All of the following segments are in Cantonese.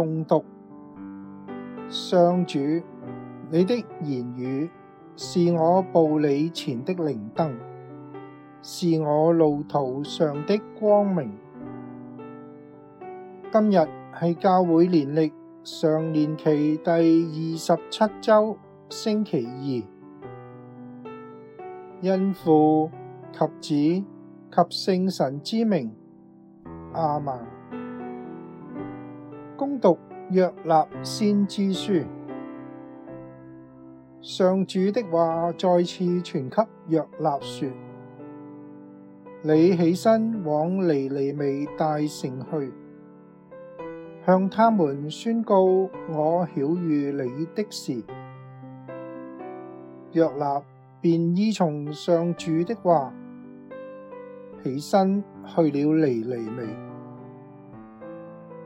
誦讀，上主，你的言語是我步履前的靈燈，是我路途上的光明。今日係教會年曆常年期第二十七周星期二，因父及子及聖神之名，阿們。恭讀約納先知書，上主的話再次傳給約納說：你起身往尼尼微大城去，向他們宣告我曉諭你的事。約納便依從上主的話，起身去了尼尼微。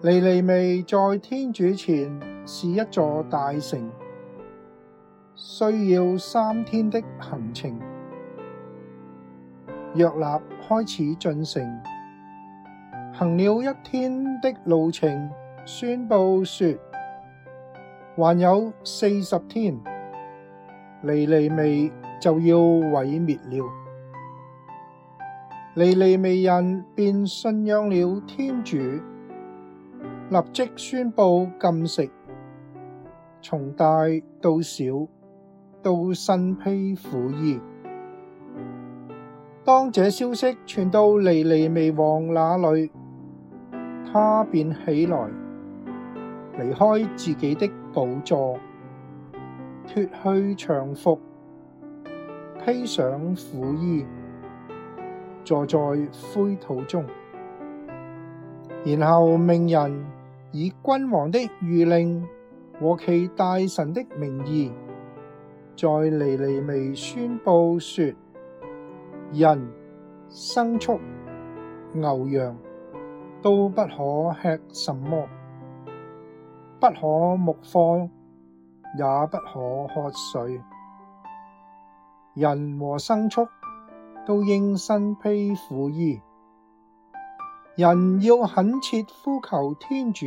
尼尼微在天主前是一座大城，需要三天的行程。約納開始進城，行了一天的路程，宣佈說：還有四十天，尼尼微就要毀滅了。尼尼微人便信仰了天主。立即宣佈禁食，從大到小都身披苦衣。當這消息傳到尼尼微王那裏，他便起來，離開自己的寶座，脱去長服，披上苦衣，坐在灰土中，然後命人。以君王的諭令和其大臣的名義，在尼尼微宣布說：人、牲畜、牛羊都不可吃什麼，不可牧放，也不可喝水。人和牲畜都應身披苦衣。人要懇切呼求天主，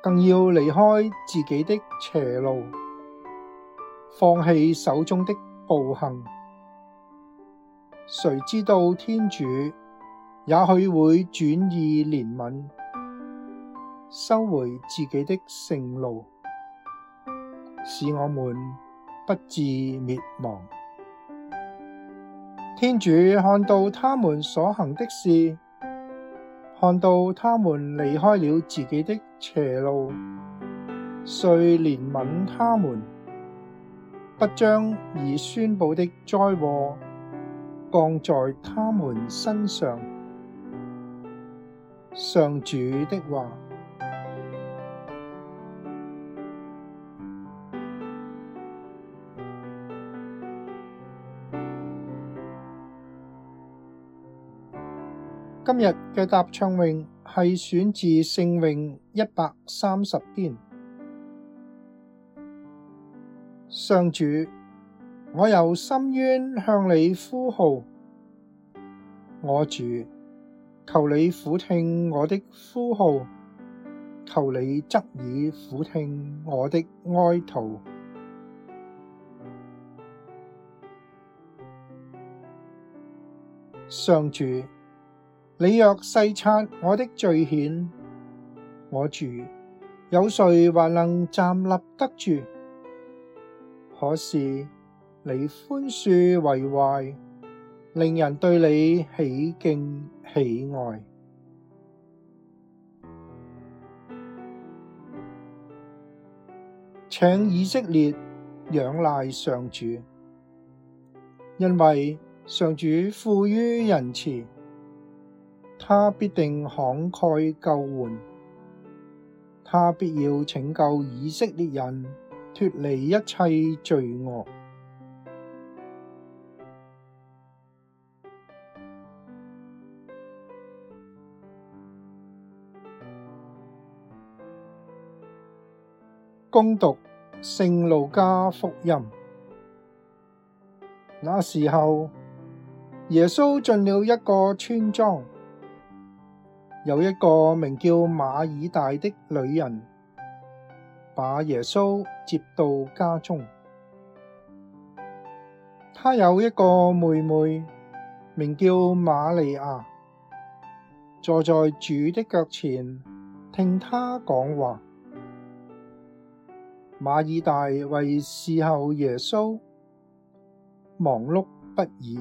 更要離開自己的邪路，放棄手中的暴行。誰知道天主也許會轉意憐憫，收回自己的盛怒，使我們不致滅亡。天主看到他們所行的事，看到他們離開了自己的邪路，遂憐憫他們，不將已宣布的災禍降在他們身上。上主的話。今日嘅答唱詠係選自聖詠一百三十篇。上主，我由深淵向你呼號，我主，求你俯聽我的呼號，求你側耳俯聽我的哀禱。上主，你若細察我的罪愆，我主，有誰還能站立得住？可是你寬恕為懷，令人對你起敬起愛。請以色列仰賴上主，因為上主富於仁慈。他必定慷慨救援，他必要拯救以色列人脫離一切罪惡。恭讀《聖路加福音》，那時候耶穌進了一個村莊。有一個名叫馬爾大的女人，把耶穌接到家中。她有一個妹妹，名叫瑪利亞，坐在主的腳前聽他講話。馬爾大為侍候耶穌忙碌不已，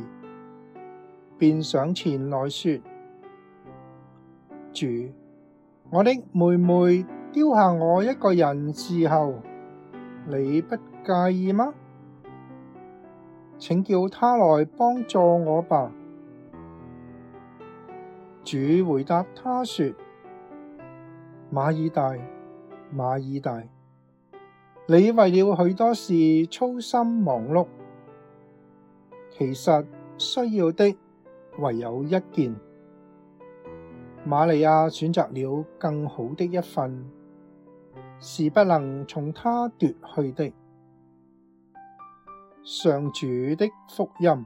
便上前來說。主，我的妹妹丟下我一個人伺候，你不介意嗎？請叫她來幫助我吧。主回答他說：馬爾大，馬爾大，你為了許多事操心忙碌，其實需要的唯有一件。瑪利亞選擇了更好的一份，是不能從他奪去的。上主的福音。